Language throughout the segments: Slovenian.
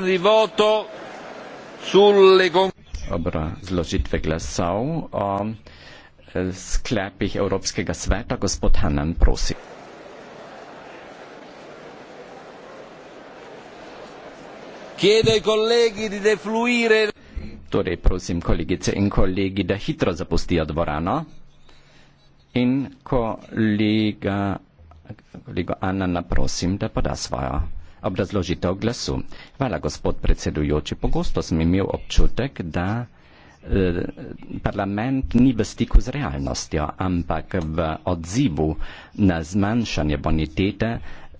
dichiarazioni di voto sulle Dobra, zložitve glasov. Um, sklepih Evropskega sveta, gospod Hanan, prosim. Torej, prosim kolegice in kolegi, da hitro zapustijo dvorano. In kolega, kolega Anna, prosim, da poda svojo obrazložitev glasu. Hvala, gospod predsedujoči. Pogosto sem imel občutek, da eh, parlament ni v stiku z realnostjo, ampak v odzivu na zmanjšanje bonitete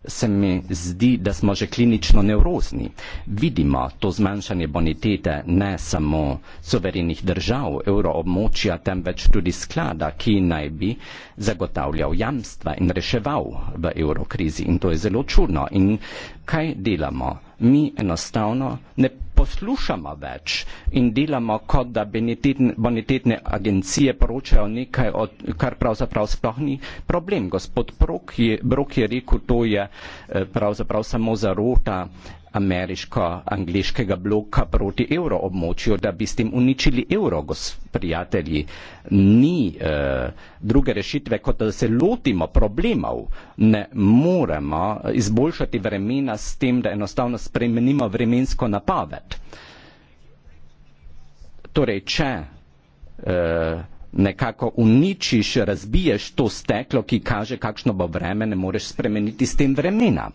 se mi zdi, da smo že klinično nevrozni. Vidimo to zmanjšanje bonitete ne samo soverenih držav euroobmočja, temveč tudi sklada, ki naj bi zagotavljal jamstva in reševal v evrokrizi. In to je zelo čudno. In kaj delamo? Mi enostavno ne poslušamo več in delamo, kot da bonitetne agencije poročajo nekaj, kar pravzaprav sploh ni problem. Gospod Brok je, Brok je rekel, to je eh, pravzaprav samo zarota ameriško-angliškega bloka proti evroobmočju, da bi s tem uničili evro, gospodarji. Ni eh, druge rešitve, kot da se lotimo problemov. Ne moremo eh, izboljšati vremena s tem, da enostavno spremenimo vremensko napoved. Torej, če eh, nekako uničiš, razbiješ to steklo, ki kaže, kakšno bo vreme, ne moreš spremeniti s tem vremena.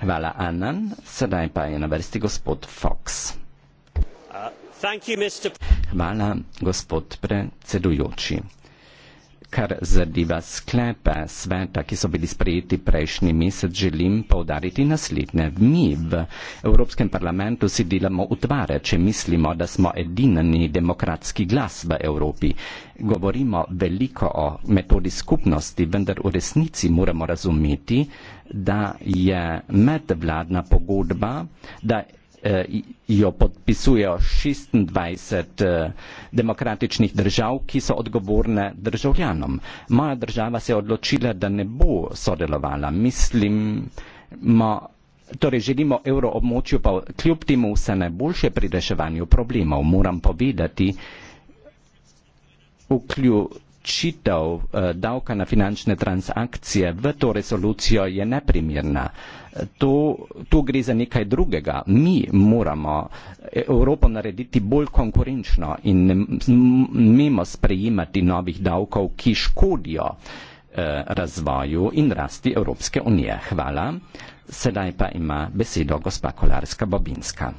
Hvala, Anan. Sedaj pa je na vrsti gospod Fox. Uh, Hvala, gospod predsedujoči kar zadeva sklepe sveta, ki so bili sprejeti prejšnji mesec, želim povdariti naslednje. Mi v Evropskem parlamentu si delamo utvare, če mislimo, da smo edinani demokratski glas v Evropi. Govorimo veliko o metodi skupnosti, vendar v resnici moramo razumeti, da je medvladna pogodba, da Eh, jo podpisuje 26 eh, demokratičnih držav, ki so odgovorne državljanom. Moja država se je odločila, da ne bo sodelovala. Mislim, mo, torej želimo evroobmočju, pa kljub temu vse najboljše pri reševanju problemov. Moram povedati, vključ določitev eh, davka na finančne transakcije v to rezolucijo je neprimirna. Eh, to, tu gre za nekaj drugega. Mi moramo eh, Evropo narediti bolj konkurenčno in ne smemo sprejemati novih davkov, ki škodijo razvoju in rasti Evropske unije. Hvala. Sedaj pa ima besedo gospa Kolarska Bobinska.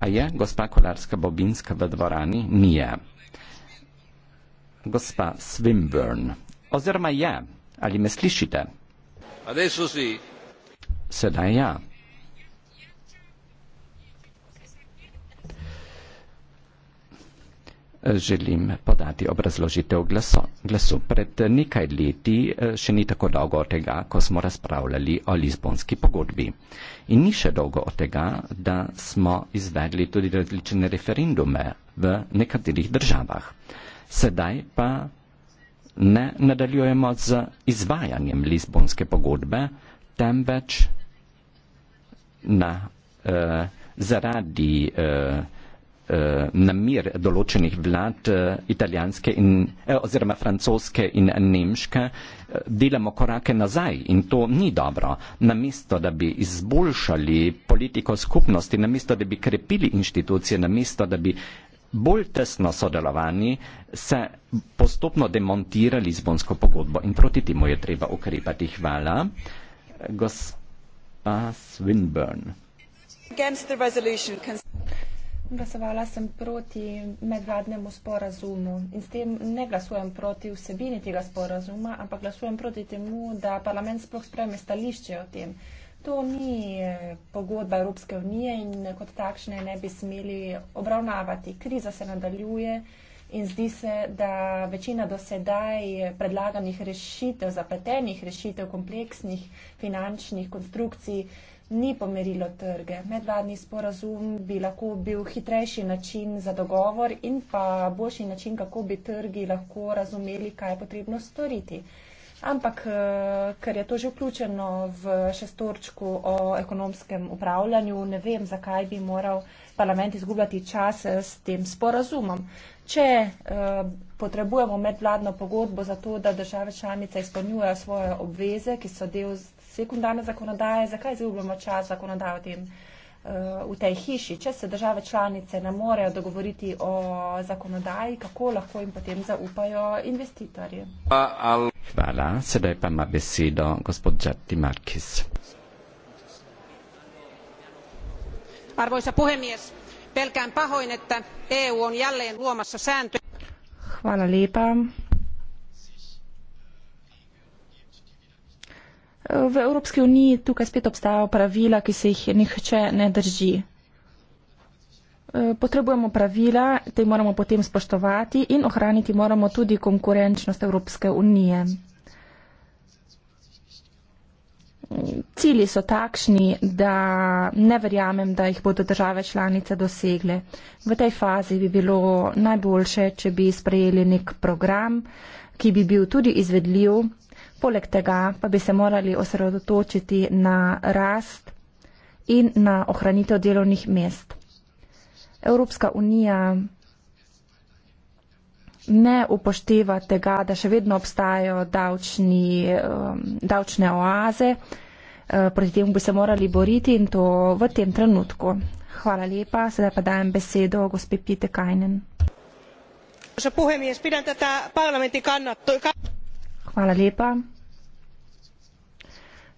A je gospa Kolarska Bobinska v dvorani? Nije. Gospa Swinburne. Oziroma je. Ali me slišite? Sedaj ja. želim podati obrazložitev glaso, glasu. Pred eh, nekaj leti, eh, še ni tako dolgo od tega, ko smo razpravljali o Lizbonski pogodbi. In ni še dolgo od tega, da smo izvedli tudi različne referendume v nekaterih državah. Sedaj pa ne nadaljujemo z izvajanjem Lizbonske pogodbe, temveč na, eh, zaradi eh, eh, namir določenih vlad eh, italijanske in, eh, oziroma francoske in nemške, eh, delamo korake nazaj in to ni dobro. Namesto, da bi izboljšali politiko skupnosti, namesto, da bi krepili inštitucije, namesto, da bi bolj tesno sodelovani, se postopno demontira Lizbonsko pogodbo in proti temu je treba ukrepati. Hvala. Gospa Swinburne. Glasovala sem proti medvladnemu sporazumu in s tem ne glasujem proti vsebini tega sporazuma, ampak glasujem proti temu, da parlament sploh spreme stališče o tem. To ni eh, pogodba Evropske unije in kot takšne ne bi smeli obravnavati. Kriza se nadaljuje. In zdi se, da večina dosedaj predlaganih rešitev, zapletenih rešitev, kompleksnih finančnih konstrukcij ni pomerilo trge. Medvladni sporazum bi lahko bil hitrejši način za dogovor in pa boljši način, kako bi trgi lahko razumeli, kaj je potrebno storiti. Ampak, eh, ker je to že vključeno v šestorčku o ekonomskem upravljanju, ne vem, zakaj bi moral parlament izgubljati čas eh, s tem sporazumom. Če eh, potrebujemo medvladno pogodbo za to, da države članice izpolnjujejo svoje obveze, ki so del sekundarne zakonodaje, zakaj izgubljamo čas zakonodajo tem? Eh, v tej hiši, če se države članice ne morejo dogovoriti o zakonodaji, kako lahko jim potem zaupajo investitorji. Hvala, sedaj pa ima besedo gospod Džati Markis. arvoisa puhemies pelkään pahoin että eu on jälleen luomassa sääntöjä. V Evropski uniji tukaj spet obstajajo pravila, ki se jih nihče ne drži. E, potrebujemo pravila, te moramo potem spoštovati in ohraniti moramo tudi konkurenčnost Evropske unije cilji so takšni, da ne verjamem, da jih bodo države članice dosegle. V tej fazi bi bilo najboljše, če bi sprejeli nek program, ki bi bil tudi izvedljiv, poleg tega pa bi se morali osredotočiti na rast in na ohranitev delovnih mest. Evropska unija ne upošteva tega, da še vedno obstajajo davčni, um, davčne oaze, uh, proti temu bi se morali boriti in to v tem trenutku. Hvala lepa, sedaj pa dajem besedo gospe Pite Kajnen. Hvala lepa.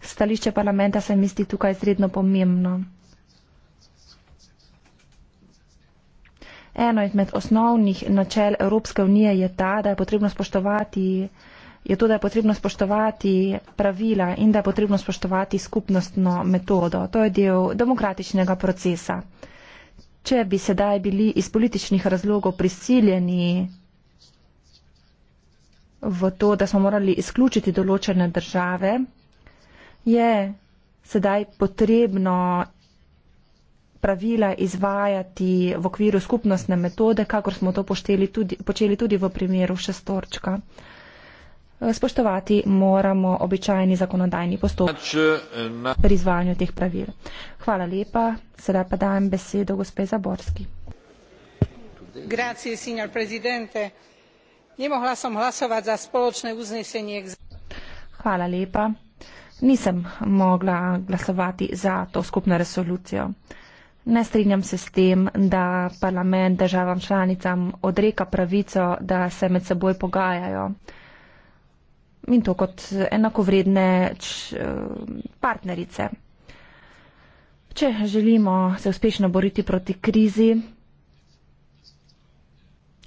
Stališče parlamenta se mi zdi tukaj izredno pomembno. Eno izmed osnovnih načel Evropske unije je ta, da je potrebno spoštovati, je to, da je potrebno spoštovati pravila in da je potrebno spoštovati skupnostno metodo. To je del demokratičnega procesa. Če bi sedaj bili iz političnih razlogov prisiljeni v to, da smo morali izključiti določene države, je sedaj potrebno pravila izvajati v okviru skupnostne metode, kakor smo to tudi, počeli tudi v primeru šestorčka. Spoštovati moramo običajni zakonodajni postopek pri izvajanju teh pravil. Hvala lepa, sedaj pa dajem besedo gospe Zaborski. Grazie, signor presidente. Nemohla sem glasovati za spoločne uznesenje. Hvala lepa. Nisem mogla glasovati za to skupno resolucijo. Ne strinjam se s tem, da parlament državam članicam odreka pravico, da se med seboj pogajajo. In to kot enakovredne č, eh, partnerice. Če želimo se uspešno boriti proti krizi,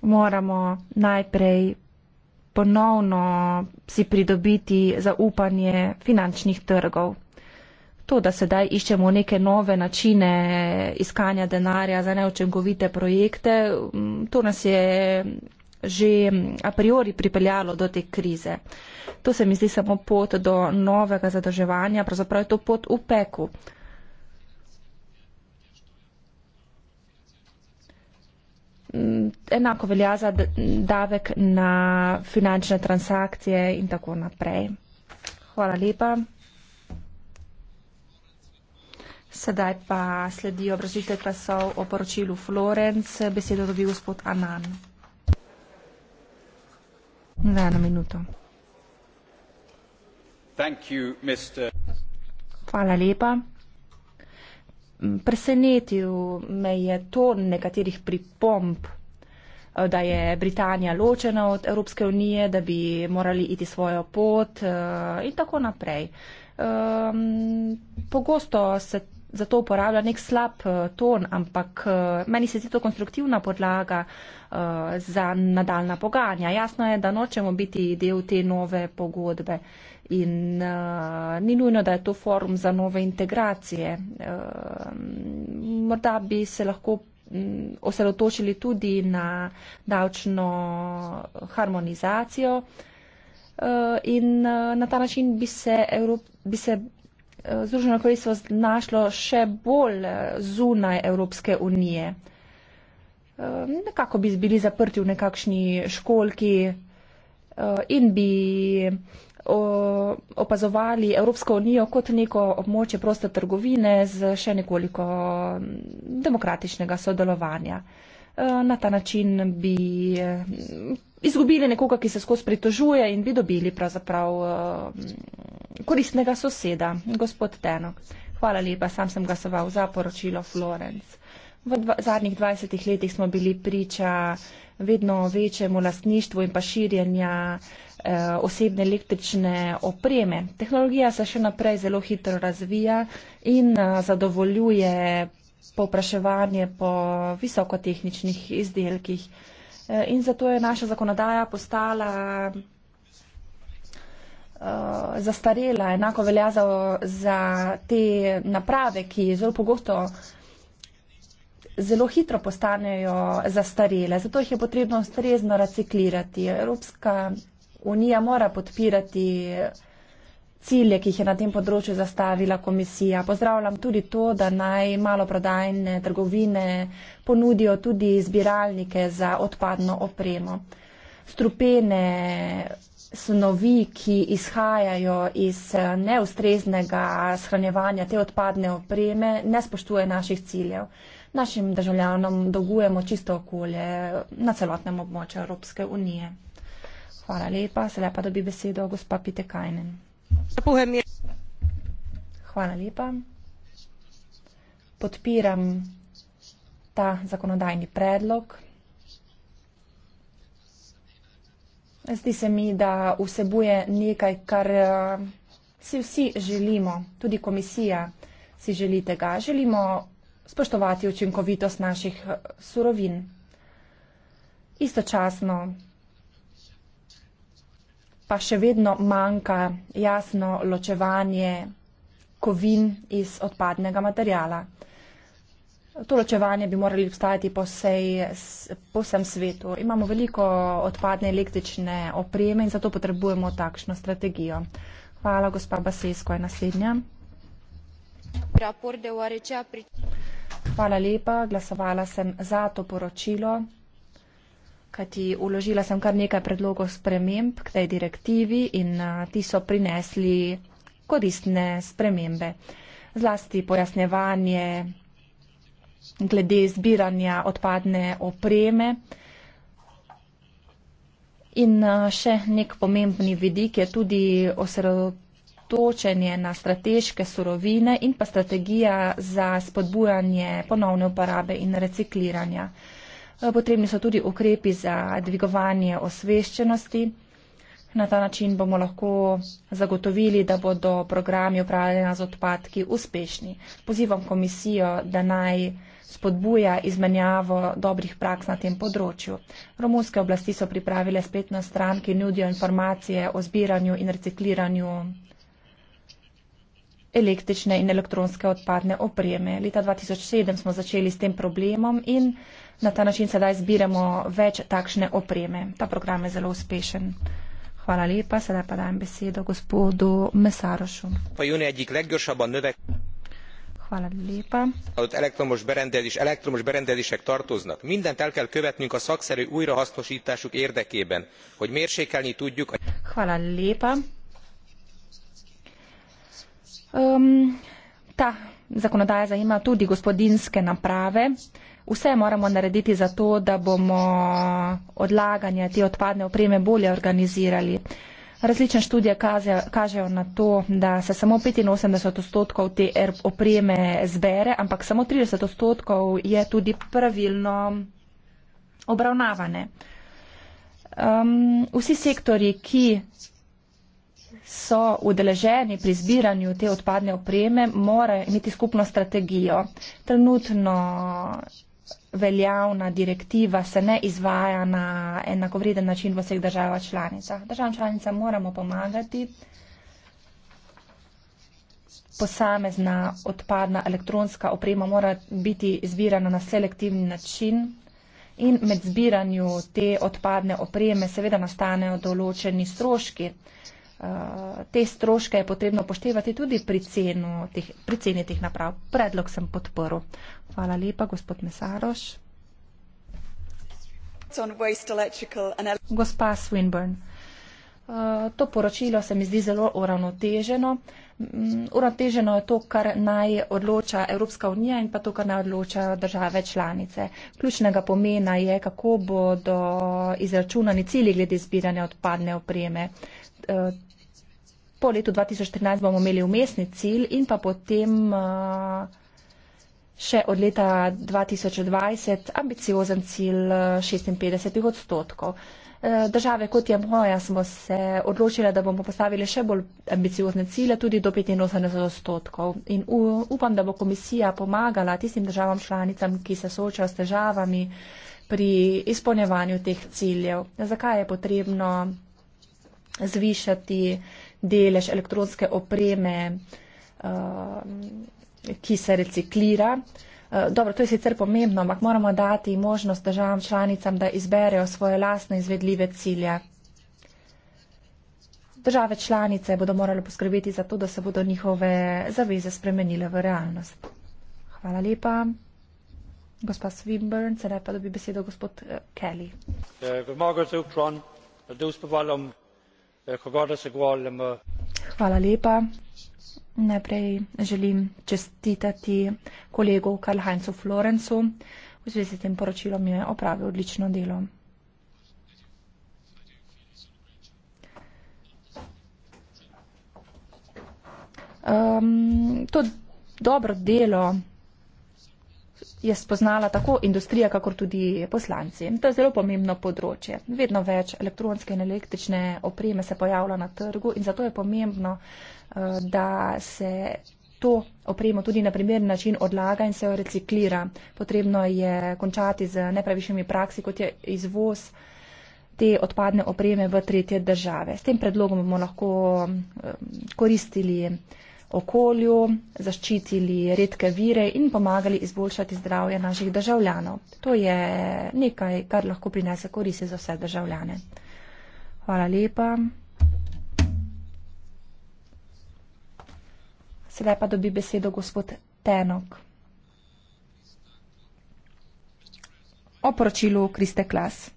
moramo najprej ponovno si pridobiti zaupanje finančnih trgov to, da sedaj iščemo neke nove načine iskanja denarja za neočinkovite projekte, to nas je že a priori pripeljalo do te krize. To se mi zdi samo pot do novega zadrževanja, pravzaprav je to pot v peku. Enako velja za davek na finančne transakcije in tako naprej. Hvala lepa. Sedaj pa sledi obrazitev glasov o poročilu Florence. Besedo dobi gospod Anan. Za eno minuto. You, Mr... Hvala lepa. Presenetil me je to nekaterih pripomp, eh, da je Britanija ločena od Evropske unije, da bi morali iti svojo pot eh, in tako naprej. Ehm, pogosto se zato uporablja nek slab uh, ton, ampak uh, meni se zdi to konstruktivna podlaga uh, za nadaljna pogajanja. Jasno je, da nočemo biti del te nove pogodbe in uh, ni nujno, da je to forum za nove integracije. Uh, morda bi se lahko mm, osredotočili tudi na davčno harmonizacijo in na ta način bi se, Evrop, bi se Združeno kraljestvo našlo še bolj eh, zunaj Evropske unije. Eh, nekako bi bili zaprti v nekakšni školki eh, in bi opazovali Evropsko unijo kot neko območje proste trgovine z še nekoliko mm, demokratičnega sodelovanja. Na ta način bi izgubili nekoga, ki se skozi pritožuje in bi dobili pravzaprav koristnega soseda, gospod Tenok. Hvala lepa, sam sem glasoval za poročilo Florence. V zadnjih 20 letih smo bili priča vedno večjemu lastništvu in pa širjenja eh, osebne električne opreme. Tehnologija se še naprej zelo hitro razvija in eh, zadovoljuje povpraševanje po visokotehničnih izdelkih. Eh, in zato je naša zakonodaja postala Eh, zastarela. Enako velja za, za te naprave, ki zelo pogosto zelo hitro postanejo zastarele. Zato jih je potrebno ustrezno reciklirati. Evropska unija mora podpirati cilje, ki jih je na tem področju zastavila komisija. Pozdravljam tudi to, da naj malo prodajne trgovine ponudijo tudi zbiralnike za odpadno opremo. Strupene snovi, ki izhajajo iz eh, neustreznega shranjevanja te odpadne opreme, ne spoštuje naših ciljev. Našim državljanom dolgujemo čisto okolje na celotnem območju Evropske unije. Hvala lepa, sedaj pa dobi besedo gospa Pitekajnen. Hvala lepa. Podpiram ta zakonodajni predlog. Zdi se mi, da vsebuje nekaj, kar eh, si vsi želimo, tudi komisija si želi tega. Želimo spoštovati učinkovitost naših eh, surovin. Istočasno pa še vedno manjka jasno ločevanje kovin iz odpadnega materijala. To ločevanje bi morali obstajati po, vsej, po vsem svetu. Imamo veliko odpadne električne opreme in zato potrebujemo takšno strategijo. Hvala, gospa Basesko, je naslednja. Hvala lepa, glasovala sem za to poročilo, kajti uložila sem kar nekaj predlogov sprememb k tej direktivi in ti so prinesli koristne spremembe. Zlasti pojasnevanje glede zbiranja odpadne opreme. In eh, še nek pomembni vidik je tudi osredotočenje na strateške surovine in pa strategija za spodbujanje ponovne uporabe in recikliranja. Eh, potrebni so tudi ukrepi za dvigovanje osveščenosti. Na ta način bomo lahko zagotovili, da bodo programi upravljanja z odpadki uspešni. Pozivam komisijo, da naj spodbuja izmenjavo dobrih praks na tem področju. Romunske oblasti so pripravile spletno stran, ki nudijo informacije o zbiranju in recikliranju električne in elektronske odpadne opreme. Leta 2007 smo začeli s tem problemom in na ta način sedaj zbiramo več takšne opreme. Ta program je zelo uspešen. Hvala lepa, sedaj pa dajem besedo gospodu Mesarošu elektromos berendezések tartoznak mindent el kell követnünk a szakszerű újrahasznostásuk érdekében hogy mérsékelni tudjuk Ta zakonodaja zajema tudi gospodinske naprave. Vse moramo narediti za to, da bomo odlaganje te odpadne opreme bolje organizirali. Uh, Različne študije kažejo na to, da se samo 85 odstotkov te opreme zbere, ampak samo 30 odstotkov je tudi pravilno obravnavane. Um, vsi sektori, ki so udeleženi pri zbiranju te odpadne opreme, morajo imeti skupno strategijo. Trenutno veljavna direktiva se ne izvaja na enakovreden način v vseh državah članicah. Državam članicam moramo pomagati posamezna odpadna elektronska oprema mora biti zbirana na selektivni način in med zbiranju te odpadne opreme seveda nastanejo določeni stroški. Uh, Eh, te stroške je potrebno poštevati tudi pri, cenu, teh, pri ceni teh naprav. Predlog sem podporil. Hvala lepa, gospod Mesaroš. Gospa Swinburn, eh, to poročilo se mi zdi zelo uravnoteženo. Mm, uravnoteženo je to, kar naj odloča Evropska unija in pa to, kar naj odloča države članice. Ključnega pomena je, kako bodo izračunani cilji glede zbiranja odpadne opreme. Eh, po letu 2013 bomo imeli umestni cilj in pa potem uh, še od leta 2020 ambiciozen cilj 56 uh, odstotkov. Uh, države kot je moja smo se odločile, da bomo postavili še bolj ambiciozne cilje, tudi do 85 odstotkov. In upam, da bo komisija pomagala tistim državam članicam, ki se soočajo s težavami pri izpolnjevanju teh ciljev. Zakaj je potrebno zvišati uh, delež elektronske opreme, eh, ki se reciklira. Eh, dobro, to je sicer pomembno, ampak moramo dati možnost državam članicam, da izberejo svoje lasne izvedljive cilje. Države članice bodo morale poskrbeti za to, da se bodo njihove zaveze spremenile v realnost. Hvala lepa. Gospa Swinburne, sedaj pa dobi besedo gospod eh, Kelly. Uh, Hvala lepa. Najprej želim čestitati kolegu Karl-Heinzu Florencu. V zvezi s tem poročilom je opravil odlično delo. Um, to dobro delo je spoznala tako industrija, kakor tudi poslanci. To je zelo pomembno področje. Vedno več elektronske in električne opreme se pojavlja na trgu in zato je pomembno, eh, da se to opremo tudi na primer način odlaga in se jo reciklira. Potrebno je končati z nepravišnjimi praksi, kot je izvoz te odpadne opreme v tretje države. S tem predlogom bomo lahko eh, koristili okolju, zaščitili redke vire in pomagali izboljšati zdravje naših državljanov. To je nekaj, kar lahko prinese koristi za vse državljane. Hvala lepa. Sedaj pa dobi besedo gospod Tenok. O poročilu Kriste Klas.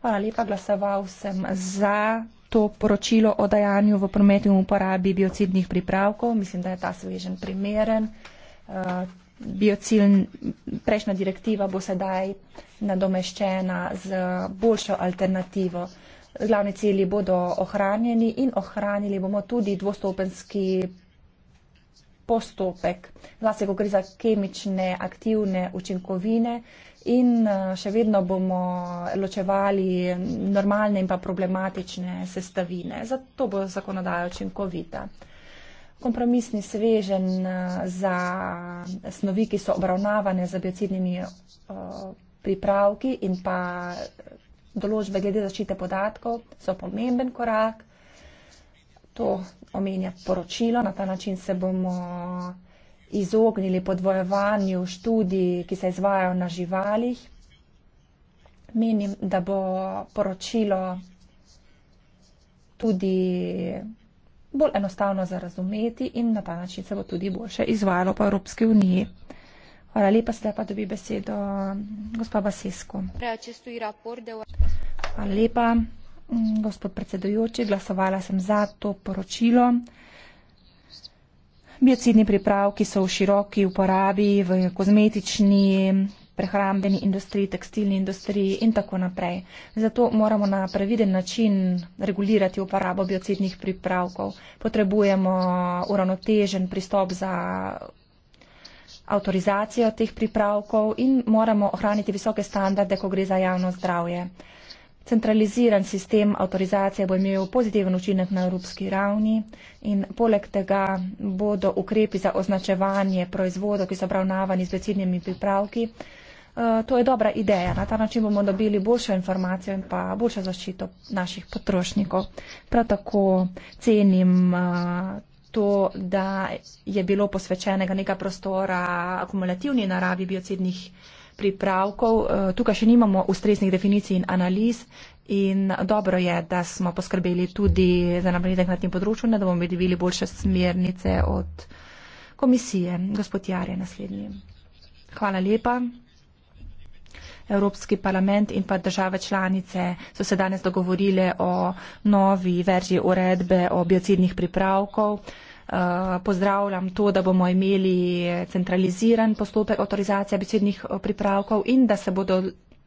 Hvala lepa, glasoval sem za to poročilo o dajanju v prometu in uporabi biocidnih pripravkov. Mislim, da je ta svežen primeren. Eh, Biocilj, prejšnja direktiva bo sedaj nadomeščena z boljšo alternativo. Glavni cilji bodo ohranjeni in ohranili bomo tudi dvostopenski postopek. Zase, ko gre za kemične aktivne učinkovine, in eh, še vedno bomo ločevali normalne in pa problematične sestavine. Zato bo zakonodaja učinkovita. Kompromisni svežen eh, za snovi, ki so obravnavane z biocidnimi eh, pripravki in pa določbe glede zaščite podatkov, so pomemben korak. To omenja poročilo. Na ta način se bomo izognili podvojevanju študij, ki se izvajajo na živalih. Menim, da bo poročilo tudi bolj enostavno za razumeti in na ta način se bo tudi boljše izvajalo po Evropski uniji. Hvala lepa, sedaj pa dobi besedo gospa Basesko. Hvala lepa, gospod predsedujoči, glasovala sem za to poročilo. Biocidni pripravki so v široki uporabi v kozmetični, prehrambeni industriji, tekstilni industriji in tako naprej. Zato moramo na previden način regulirati uporabo biocidnih pripravkov. Potrebujemo uravnotežen pristop za avtorizacijo teh pripravkov in moramo ohraniti visoke standarde, ko gre za javno zdravje centraliziran sistem avtorizacije bo imel pozitiven učinek na evropski ravni in poleg tega bodo ukrepi za označevanje proizvodov, ki so obravnavani z besednimi pripravki. Eh, to je dobra ideja. Na ta način bomo dobili boljšo informacijo in pa boljšo zaščito naših potrošnikov. Prav tako cenim eh, to, da je bilo posvečenega nekaj prostora akumulativni naravi biocidnih pripravkov, eh, tukaj še nimamo ustreznih definicij in analiz in dobro je, da smo poskrbeli tudi za napredek na tem področju, da bomo dobili boljše smernice od komisije. Gospod Jar je naslednji. Hvala lepa. Evropski parlament in pa države članice so se danes dogovorile o novi verziji uredbe o biocidnih pripravkov. Eh, pozdravljam to, da bomo imeli centraliziran postopek avtorizacije besednih eh, pripravkov in da se bodo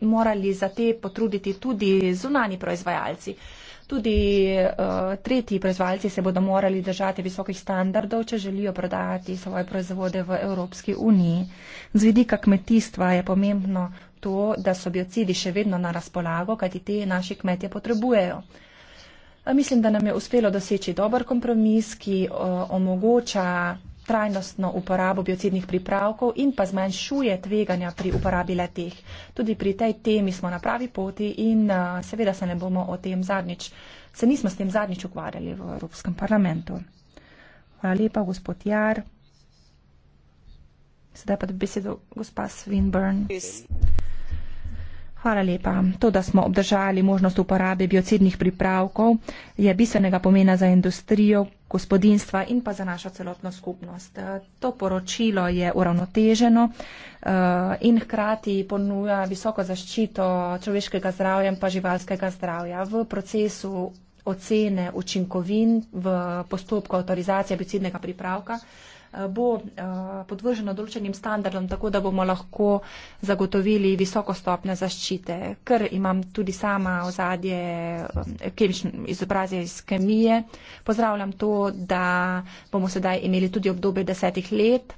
morali za te potruditi tudi zunani proizvajalci. Tudi uh, tretji proizvajalci se bodo morali držati visokih standardov, če želijo prodajati svoje proizvode v Evropski uniji. Z vidika kmetijstva je pomembno to, da so biocidi še vedno na razpolago, kajti te naši kmetje potrebujejo. Mislim, da nam je uspelo doseči dober kompromis, ki eh, omogoča trajnostno uporabo biocidnih pripravkov in pa zmanjšuje tveganja pri uporabi letih. Tudi pri tej temi smo na pravi poti in eh, seveda se ne bomo o tem zadnjič, se nismo s tem zadnjič ukvarjali v Evropskem parlamentu. Hvala lepa, gospod Jar. Sedaj pa besedo gospa Swinburne. Hvala lepa. To, da smo obdržali možnost uporabe biocidnih pripravkov, je bistvenega pomena za industrijo, gospodinstva in pa za našo celotno skupnost. To poročilo je uravnoteženo eh, in hkrati ponuja visoko zaščito človeškega zdravja in pa živalskega zdravja. V procesu ocene učinkovin v postopku avtorizacije biocidnega pripravka Eh, bo eh, podvrženo določenim standardom, tako da bomo lahko zagotovili visoko stopne zaščite, ker imam tudi sama ozadje eh, izobrazje iz kemije. Pozdravljam to, da bomo sedaj imeli tudi obdobje desetih let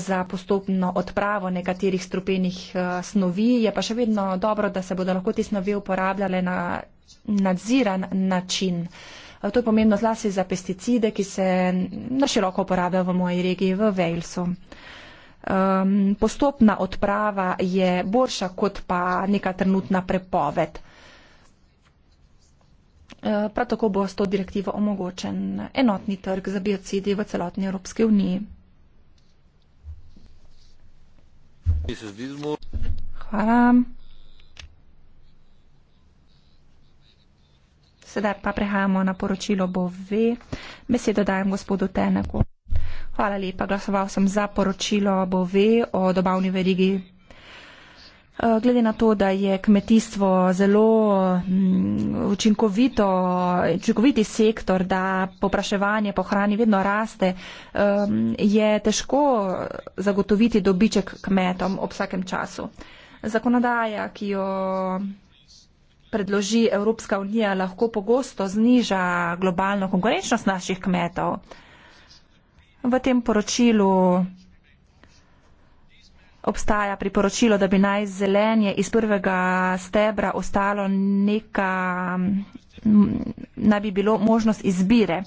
za postopno odpravo nekaterih strupenih snovi. Je pa še vedno dobro, da se bodo lahko te snovi uporabljale na nadziran način. Uh, Eh, to je pomembno zlasti za pesticide, ki se naširoko uporabljajo v moji regiji, v Walesu. Um, postopna odprava je boljša kot pa neka trenutna prepoved. Eh, prav tako bo s to direktivo omogočen enotni trg za biocidi v celotni Evropski uniji. Hvala. Sedaj pa prehajamo na poročilo BOV. Besedo dajem gospodu Teneku. Hvala lepa, glasoval sem za poročilo BOV o dobavni verigi. Eh, glede na to, da je kmetijstvo zelo mm, učinkovito, učinkoviti sektor, da popraševanje po hrani vedno raste, je težko zagotoviti dobiček kmetom ob vsakem času. Zakonodaja, ki jo predloži Evropska unija, lahko pogosto zniža globalno konkurenčnost naših kmetov. V tem poročilu obstaja priporočilo, da bi naj zelenje iz prvega stebra ostalo neka, naj bi bilo možnost izbire.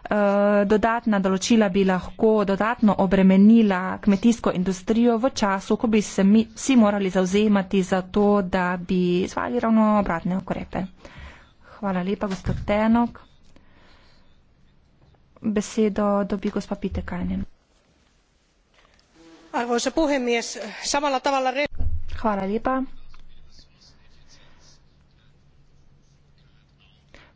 Eh, dodatna določila bi lahko dodatno obremenila kmetijsko industrijo v času, ko bi se mi vsi morali zauzemati za to, da bi izvali ravno obratne okrepe. Hvala lepa, gospod Tenok. Besedo dobi gospod Pitekajnen. Hvala lepa.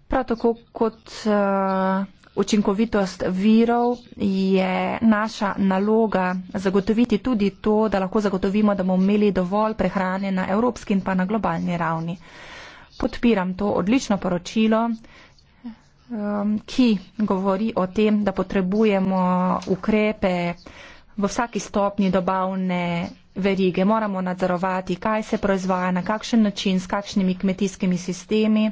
Prav tako kot uh, učinkovitost virov je naša naloga zagotoviti tudi to, da lahko zagotovimo, da bomo imeli dovolj prehrane na evropski in pa na globalni ravni. Podpiram to odlično poročilo, um, ki govori o tem, da potrebujemo ukrepe v vsaki stopni dobavne verige. Moramo nadzorovati, kaj se proizvaja, na kakšen način, s kakšnimi kmetijskimi sistemi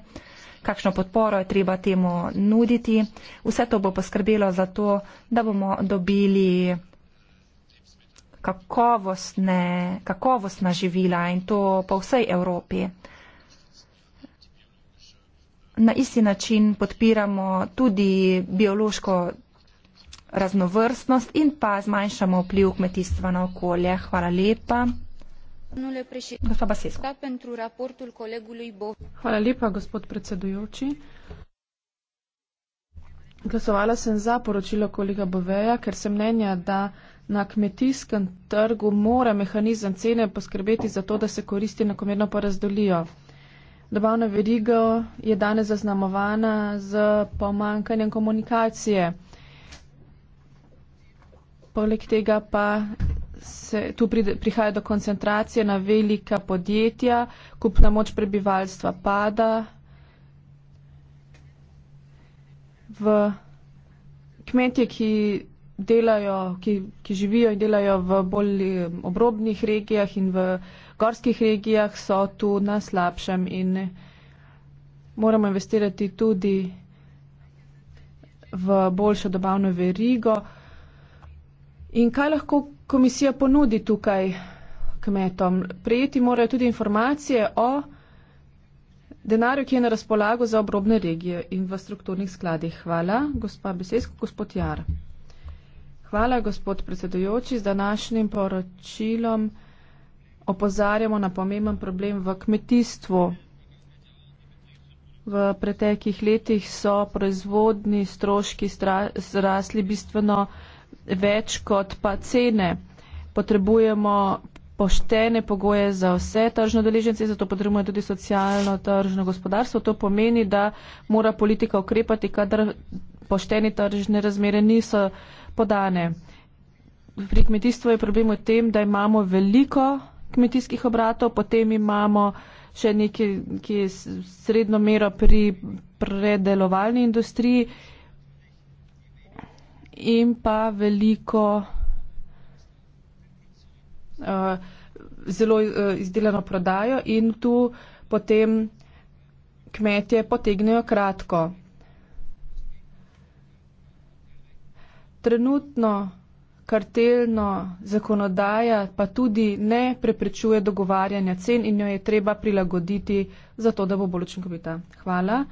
kakšno podporo je treba temu nuditi. Vse to bo poskrbelo za to, da bomo dobili kakovostne, kakovostna živila in to po vsej Evropi. Na isti način podpiramo tudi biološko raznovrstnost in pa zmanjšamo vpliv kmetijstva na okolje. Hvala lepa. Gospa Basesko. Hvala lepa, gospod predsedujoči. Glasovala sem za poročilo kolega Boveja, ker sem mnenja, da na kmetijskem trgu mora mehanizem cene poskrbeti za to, da se koristi nakomerno porazdolijo. Dobavna veriga je danes zaznamovana z pomankanjem komunikacije. Poleg tega pa se tu pride, prihaja do koncentracije na velika podjetja, kupna moč prebivalstva pada. V kmetje, ki delajo, ki, ki živijo in delajo v bolj um, obrobnih regijah in v gorskih regijah, so tu na slabšem in moramo investirati tudi v boljšo dobavno verigo. In kaj lahko komisija ponudi tukaj kmetom? Prejeti morajo tudi informacije o denarju, ki je na razpolago za obrobne regije in v strukturnih skladih. Hvala, gospa Besesko, gospod Jar. Hvala, gospod predsedujoči, z današnjim poročilom opozarjamo na pomemben problem v kmetijstvu. V preteklih letih so proizvodni stroški zrasli bistveno več kot pa cene. Potrebujemo poštene pogoje za vse tržne deležence, zato potrebujemo tudi socialno tržno gospodarstvo. To pomeni, da mora politika ukrepati, kadar pošteni tržne razmere niso podane. Pri kmetijstvu je problem v tem, da imamo veliko kmetijskih obratov, potem imamo še nekaj, ki je sredno mero pri predelovalni industriji in pa veliko uh, zelo uh, izdelano prodajo in tu potem kmetje potegnejo kratko. Trenutno kartelno zakonodaja pa tudi ne preprečuje dogovarjanja cen in jo je treba prilagoditi zato, da bo bolj učinkovita. Hvala.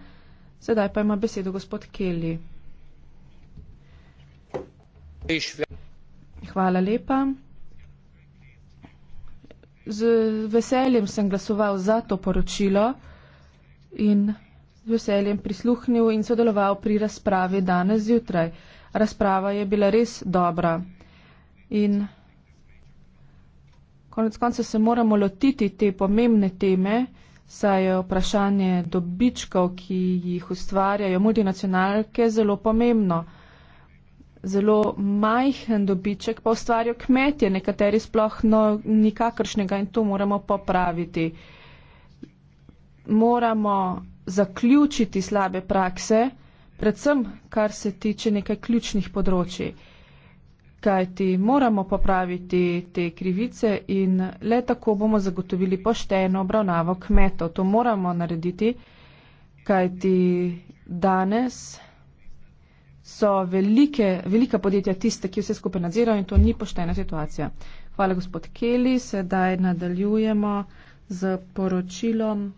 Sedaj pa ima besedo gospod Kelly. Hvala lepa. Z veseljem sem glasoval za to poročilo in z veseljem prisluhnil in sodeloval pri razpravi danes zjutraj. Razprava je bila res dobra in konec konca se moramo lotiti te pomembne teme, saj je vprašanje dobičkov, ki jih ustvarjajo multinacionalke, zelo pomembno zelo majhen dobiček pa ustvarjajo kmetje, nekateri sploh no, nikakršnega in to moramo popraviti. Moramo zaključiti slabe prakse, predvsem kar se tiče nekaj ključnih področji. Kajti moramo popraviti te krivice in le tako bomo zagotovili pošteno obravnavo kmetov. To moramo narediti, kajti danes so velike, velika podjetja tiste, ki vse skupaj nadzirajo in to ni poštena situacija. Hvala, gospod Keli. Sedaj nadaljujemo z poročilom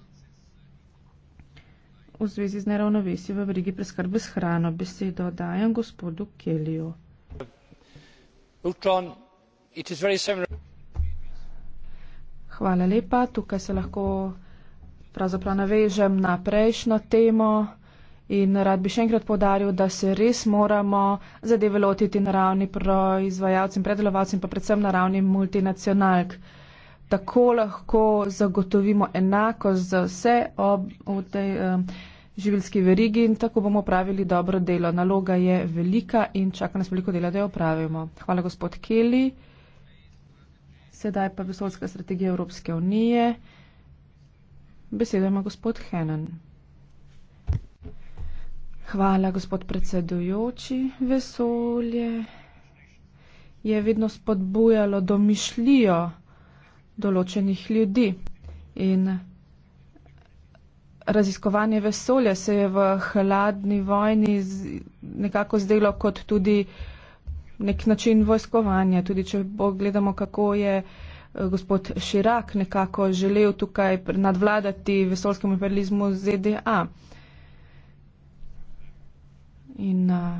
v zvezi z neravnovesjem v verigi preskrbe s hrano. Besedo dajem gospodu Keliju. Hvala lepa. Tukaj se lahko pravzaprav navežem na prejšnjo temo. In rad bi še enkrat podaril, da se res moramo zadeve lotiti na ravni proizvajalcem, predelovalcem, pa predvsem na ravni multinacionalk. Tako lahko zagotovimo enako za vse ob, v tej um, živilski verigi in tako bomo pravili dobro delo. Naloga je velika in čaka nas veliko dela, da jo pravimo. Hvala, gospod Kelly. Sedaj pa vesolska strategija Evropske unije. Besedo ima gospod Henan. Hvala, gospod predsedujoči. Vesolje je vedno spodbujalo domišljijo določenih ljudi in raziskovanje vesolja se je v hladni vojni nekako zdelo kot tudi nek način vojskovanja. Tudi če pogledamo, kako je eh, gospod Širak nekako želel tukaj nadvladati vesolskemu imperializmu ZDA. Uh, In uh,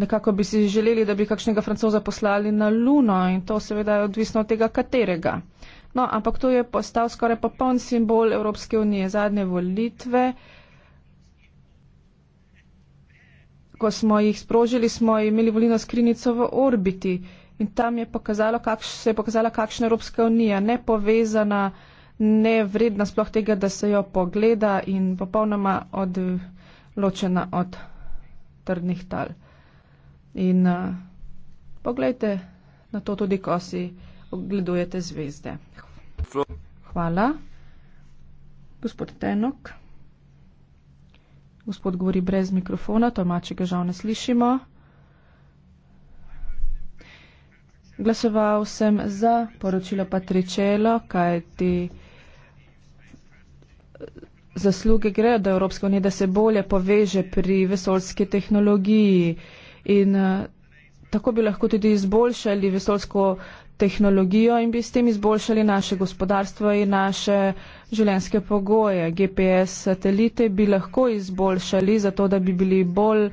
nekako bi si želeli, da bi kakšnega francoza poslali na Luno in to seveda je odvisno od tega, katerega. No, ampak to je postal skoraj popoln simbol Evropske unije zadnje volitve. Ko smo jih sprožili, smo imeli volilno skrinico v orbiti in tam je pokazalo, kakš, se je pokazala, kakšna Evropska unija, nepovezana, nevredna sploh tega, da se jo pogleda in popolnoma odvija ločena od trdnih tal. In uh, eh, pogledajte na to tudi, ko si ogledujete zvezde. Hvala. Gospod Tenok. Gospod govori brez mikrofona, tomači ga žal ne slišimo. Glasoval sem za poročilo Patričelo, kajti zasluge grejo do Evropske unije, da se bolje poveže pri vesoljski tehnologiji in eh, tako bi lahko tudi izboljšali vesoljsko tehnologijo in bi s tem izboljšali naše gospodarstvo in naše življenjske pogoje. GPS satelite bi lahko izboljšali zato, da bi bili bolj uh,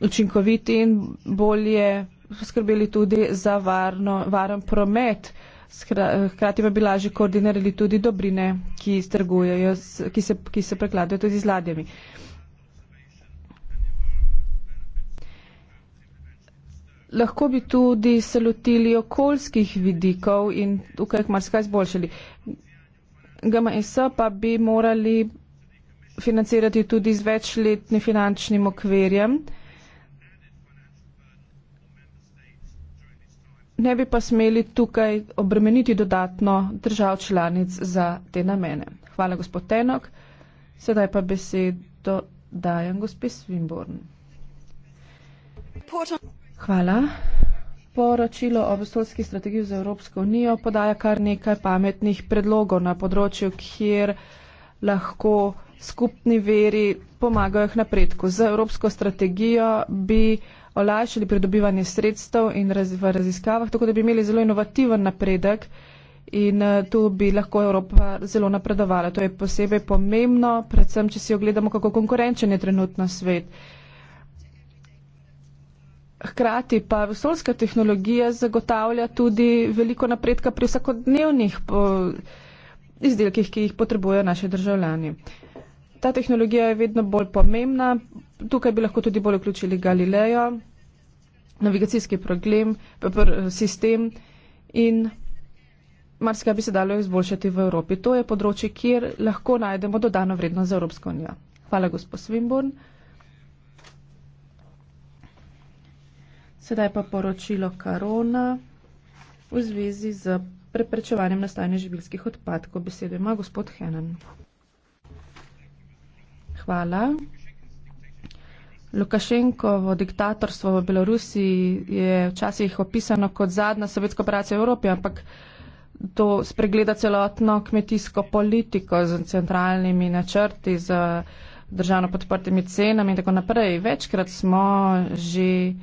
učinkoviti in bolje skrbeli tudi za varno, varen promet. Uh, Hkrati pa bi lažje koordinirali tudi dobrine, ki, strgujejo, ki, se, ki se prekladajo tudi z ladjami. Lahko bi tudi se lotili okoljskih vidikov in tukaj marsikaj izboljšali. GMS pa bi morali financirati tudi z večletnim finančnim okverjem. Uh, ne bi pa smeli tukaj obremeniti dodatno držav članic za te namene. Hvala, gospod Tenok. Sedaj pa besedo dajem gospe Svinborn. Hvala. Poročilo o vesolski strategiji za Evropsko unijo podaja kar nekaj pametnih predlogov na področju, kjer lahko skupni veri pomagajo k napredku. Z Evropsko strategijo bi olajšali pridobivanje sredstev in raz, v raziskavah, tako da bi imeli zelo inovativen napredek in uh, tu bi lahko Evropa zelo napredovala. To je posebej pomembno, predvsem, če si ogledamo, kako konkurenčen je trenutno svet. Hkrati pa vesolska tehnologija zagotavlja tudi veliko napredka pri vsakodnevnih izdelkih, ki jih potrebujejo naše državljani. Uh, Ta tehnologija je vedno bolj pomembna. Tukaj bi lahko tudi bolj vključili Galileo, navigacijski problem, pr, sistem in marsikaj bi se dalo izboljšati v Evropi. To je področje, kjer lahko najdemo dodano vrednost za Evropsko unijo. Hvala, gospod Svimborn. Sedaj pa poročilo Karona v zvezi z preprečevanjem nastajanja živilskih odpadkov. Besedo ima gospod Henen. Hvala. Lukašenkovo diktatorstvo v Belorusiji je včasih opisano kot zadnja sovjetska operacija v Evropi, ampak to spregleda celotno kmetijsko politiko z centralnimi načrti, z državno podprtimi cenami in tako naprej. Večkrat smo že uh,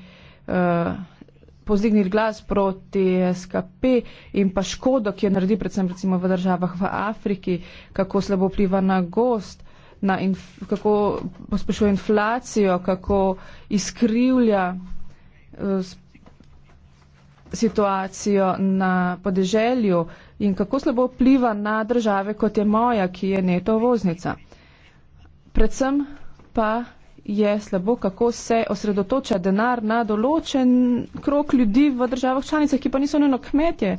eh, pozdignili glas proti SKP in pa škodo, ki jo naredi predvsem recimo v državah v Afriki, kako slabo vpliva na gost na inf, kako pospešuje inflacijo, kako izkrivlja uh, situacijo na podeželju in kako slabo pliva na države, kot je moja, ki je neto voznica. Predvsem pa je slabo, kako se osredotoča denar na določen krok ljudi v državah članicah, ki pa niso njeno kmetje.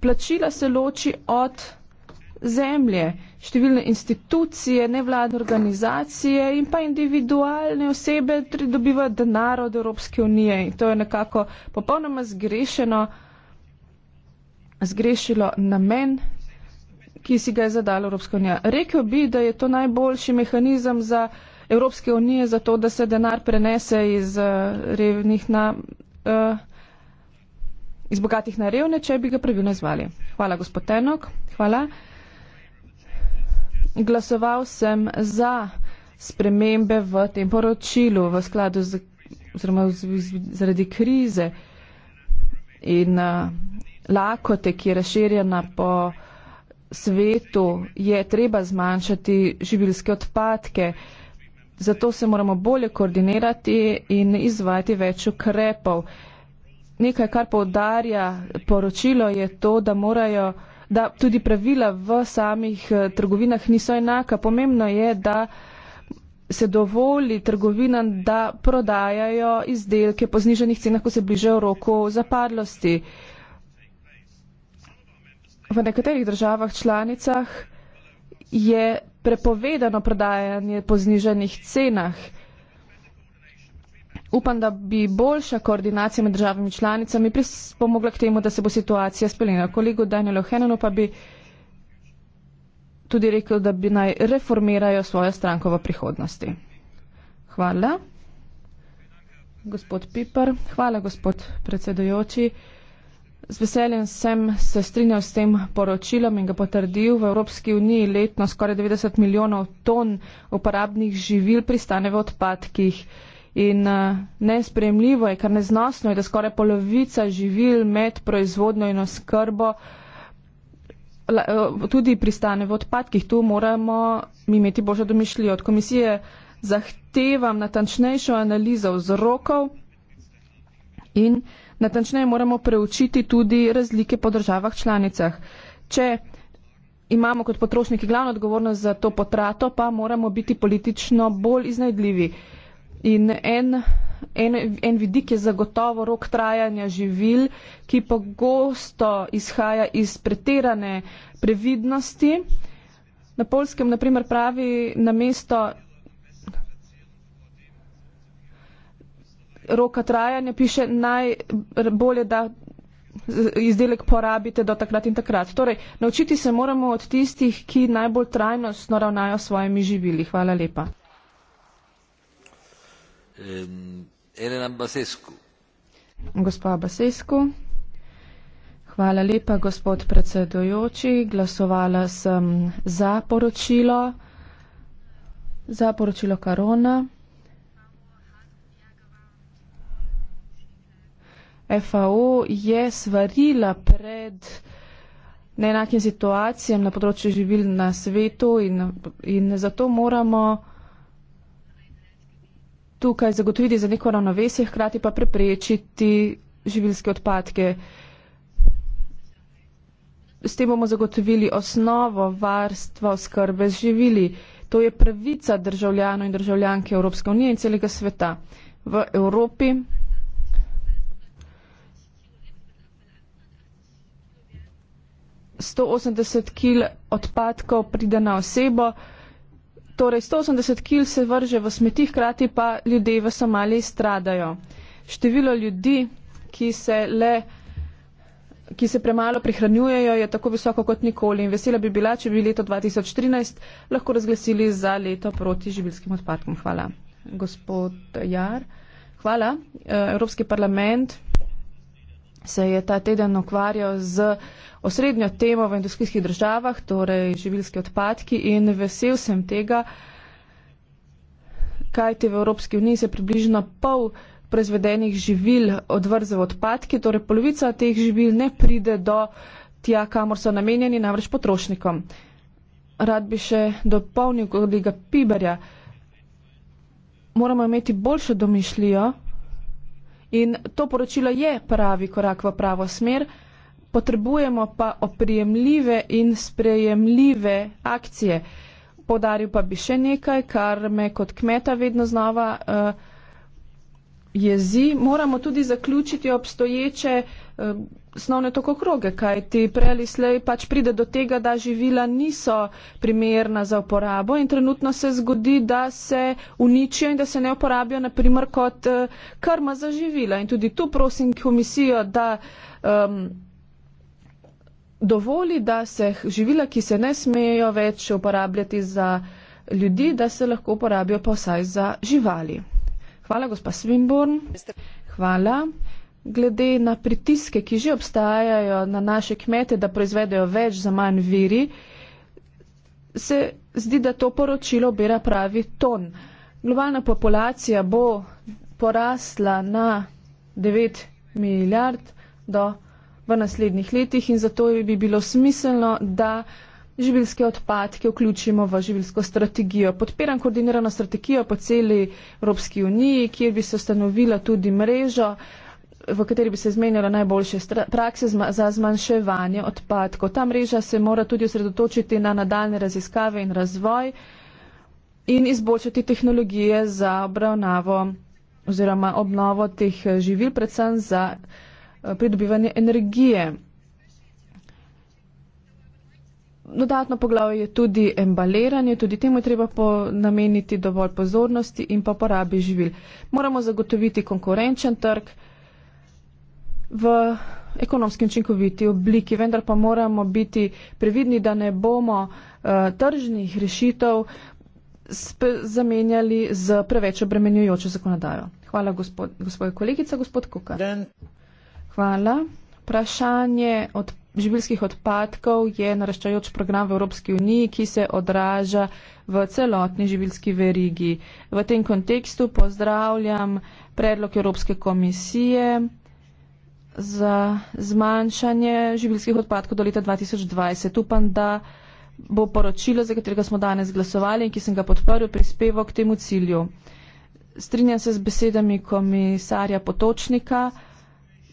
Plačila se loči od zemlje, številne institucije, nevladne organizacije in pa individualne osebe dobivajo denar od Evropske unije. In to je nekako popolnoma zgrešeno, zgrešilo namen, ki si ga je zadala Evropska unija. Rekel bi, da je to najboljši mehanizem za Evropske unije, za to, da se denar prenese iz eh, revnih na. Uh, Iz bogatih na revne, če bi ga pravilno izvali. Hvala, gospod Tenok. Hvala glasoval sem za spremembe v tem poročilu v skladu z, oziroma z, z, zaradi krize in uh, lakote, ki je razširjena po svetu, je treba zmanjšati živilske odpadke. Zato se moramo bolje koordinirati in izvajati več ukrepov. Nekaj, kar poudarja poročilo, je to, da morajo da tudi pravila v samih eh, trgovinah niso enaka. Pomembno je, da se dovoli trgovinam, da prodajajo izdelke po zniženih cenah, ko se bližajo roku zapadlosti. V nekaterih državah članicah je prepovedano prodajanje po zniženih cenah upam, da bi boljša koordinacija med državami članicami pomogla k temu, da se bo situacija spelila. Kolego Danielu Henenu pa bi tudi rekel, da bi naj reformirajo svojo stranko v prihodnosti. Hvala. Gospod Piper, hvala gospod predsedujoči. Z veseljem sem se strinjal s tem poročilom in ga potrdil. V Evropski uniji letno skoraj 90 milijonov ton uporabnih živil pristane v odpadkih. In uh, nespremljivo je, kar neznosno je, da skoraj polovica živil med proizvodno in oskrbo la, eh, tudi pristane v odpadkih. Tu moramo mi imeti božjo domišljijo. Od komisije zahtevam natančnejšo analizo vzrokov in natančneje moramo preučiti tudi razlike po državah članicah. Če imamo kot potrošniki glavno odgovornost za to potrato, pa moramo biti politično bolj iznajdljivi. Uh, In en, en, en vidik je zagotovo rok trajanja živil, ki pogosto izhaja iz pretirane previdnosti. Na polskem naprimer pravi na mesto roka trajanja piše najbolje, da izdelek porabite do takrat in takrat. Torej, naučiti se moramo od tistih, ki najbolj trajnostno ravnajo s svojimi živili. Hvala lepa. Ehm, Elena Basescu. Gospa Basescu. Hvala lepa, gospod predsedojoči. Glasovala sem za poročilo, za poročilo Karona. FAO je svarila pred neenakim situacijam na področju živil na svetu in, in zato moramo tukaj zagotoviti za neko ravnovesje, hkrati pa preprečiti živilske odpadke. S tem bomo zagotovili osnovo varstva oskrbe z živili. To je pravica državljanov in državljanke Evropske unije in celega sveta. V Evropi sto osemdeset kil odpadkov pride na osebo Torej, 180 kil se vrže v smeti, hkrati pa ljudje v Somaliji stradajo. Število ljudi, ki se, le, ki se premalo prihranjujejo, je tako visoko kot nikoli in vesela bi bila, če bi leto 2013 lahko razglasili za leto proti živilskim odpadkom. Hvala. Gospod Jar, hvala. Eh, Evropski parlament se je ta teden ukvarjal z osrednjo temo v industrijskih državah, torej živilski odpadki in vesel sem tega, kajti v Evropski uniji se približno pol proizvedenih živil odvrze v odpadki, torej polovica teh živil ne pride do tja, kamor so namenjeni, namreč potrošnikom. Rad bi še dopolnil kolega Piberja. Moramo imeti boljšo domišljijo, In to poročilo je pravi korak v pravo smer, potrebujemo pa oprijemljive in sprejemljive akcije. Podaril pa bi še nekaj, kar me kot kmeta vedno znova. Uh, jezi, moramo tudi zaključiti obstoječe osnovne eh, toko kroge, kaj ti preli slej pač pride do tega, da živila niso primerna za uporabo in trenutno se zgodi, da se uničijo in da se ne uporabijo naprimer kot eh, krma za živila. In tudi tu prosim komisijo, da um, dovoli, da se živila, ki se ne smejo več uporabljati za ljudi, da se lahko uporabijo pa vsaj za živali. Hvala, gospa Svinborn. Hvala. Glede na pritiske, ki že obstajajo na naše kmete, da proizvedejo več za manj viri, se zdi, da to poročilo bira pravi ton. Globalna populacija bo porasla na 9 milijard do v naslednjih letih in zato bi bilo smiselno, da živilske odpadke vključimo v živilsko strategijo. Podpiram koordinirano strategijo po celi Evropski uniji, kjer bi se ustanovila tudi mrežo, v kateri bi se izmenjala najboljše prakse za zmanjševanje odpadkov. Ta mreža se mora tudi osredotočiti na nadaljne raziskave in razvoj in izboljšati tehnologije za obravnavo oziroma obnovo teh živil, predvsem za eh, pridobivanje energije dodatno poglavje je tudi embaliranje, tudi temu je treba nameniti dovolj pozornosti in pa porabi živil. Moramo zagotoviti konkurenčen trg v ekonomski učinkoviti obliki, vendar pa moramo biti previdni, da ne bomo uh, tržnih rešitev zamenjali z preveč obremenjujočo zakonodajo. Hvala, gospod, gospod kolegica, gospod Kuka. Hvala. Vprašanje od živilskih odpadkov je naraščajoč program v Evropski uniji, ki se odraža v celotni živilski verigi. V tem kontekstu pozdravljam predlog Evropske komisije za zmanjšanje živilskih odpadkov do leta 2020. Upam, da bo poročilo, za katerega smo danes glasovali in ki sem ga podprl, prispeval k temu cilju. Strinjam se z besedami komisarja Potočnika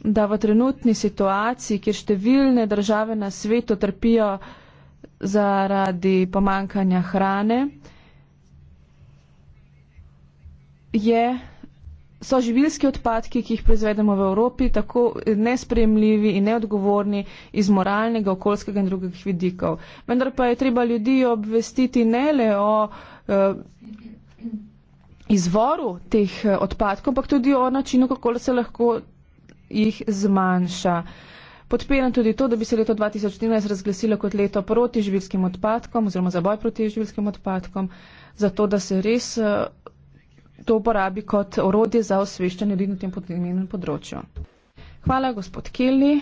da v trenutni situaciji, kjer številne države na svetu trpijo zaradi pomankanja hrane, je, so živilski odpadki, ki jih proizvedemo v Evropi, tako nespremljivi in neodgovorni iz moralnega, okoljskega in drugih vidikov. Vendar pa je treba ljudi obvestiti ne le o. Uh, izvoru teh eh, odpadkov, ampak tudi o načinu, kako se lahko jih zmanjša. Podpiram tudi to, da bi se leto 2013 razglasilo kot leto proti živilskim odpadkom oziroma za boj proti živilskim odpadkom, zato da se res eh, to uporabi kot orodje za osveščanje ljudi na tem podnebnem področju. Hvala, gospod Kelly.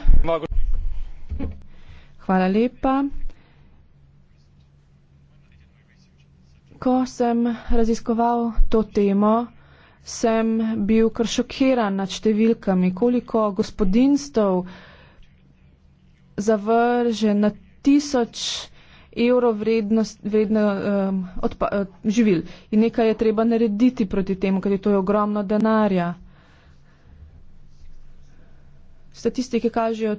Hvala lepa. Ko sem raziskoval to temo, sem bil kar šokiran nad številkami, koliko gospodinstv zavrže na tisoč evrov vrednost vredno, um, odpa, uh, živil. In nekaj je treba narediti proti temu, ker je to ogromno denarja. Statistike kažejo,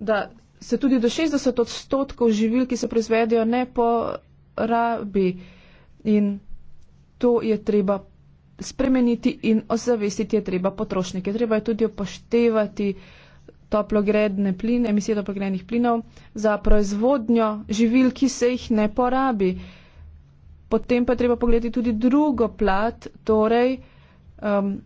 da se tudi do 60 odstotkov živil, ki se proizvedijo ne po rabi in to je treba spremeniti in ozavestiti je treba potrošnike. Treba je tudi upoštevati toplogredne pline, emisije toplogrednih plinov za proizvodnjo živil, ki se jih ne porabi. Potem pa treba pogledati tudi drugo plat, torej um,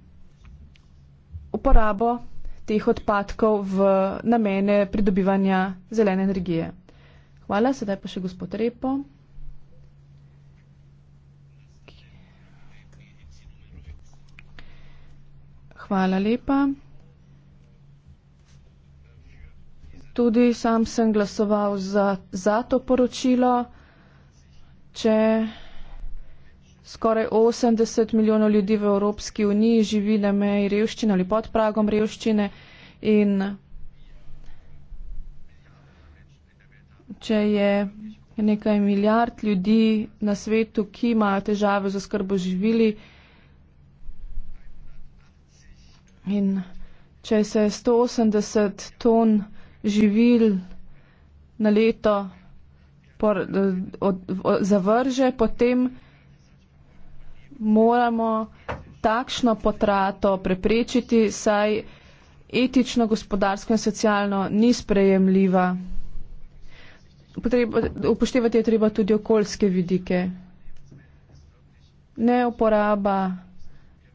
uporabo teh odpadkov v namene pridobivanja zelene energije. Hvala, sedaj pa še gospod Repo. Hvala lepa. Tudi sam sem glasoval za, za to poročilo. Če skoraj 80 milijonov ljudi v Evropski uniji živi na meji revščine ali pod pragom revščine in če je nekaj milijard ljudi na svetu, ki imajo težave z oskrbo živili, In če se 180 ton živil na leto por, od, od, zavrže, potem moramo takšno potrato preprečiti, saj etično, gospodarsko in socialno ni sprejemljiva. Potreba, upoštevati je treba tudi okoljske vidike. Neuporaba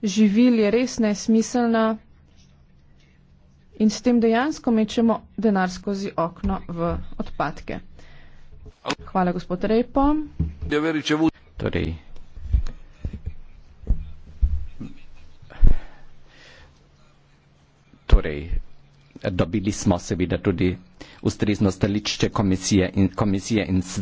živil je res nesmiselna in s tem dejansko mečemo denar skozi okno v odpadke. Hvala, gospod Repo. Torej, torej, dobili smo seveda tudi ustrezno stališče komisije in, komisije in sveta.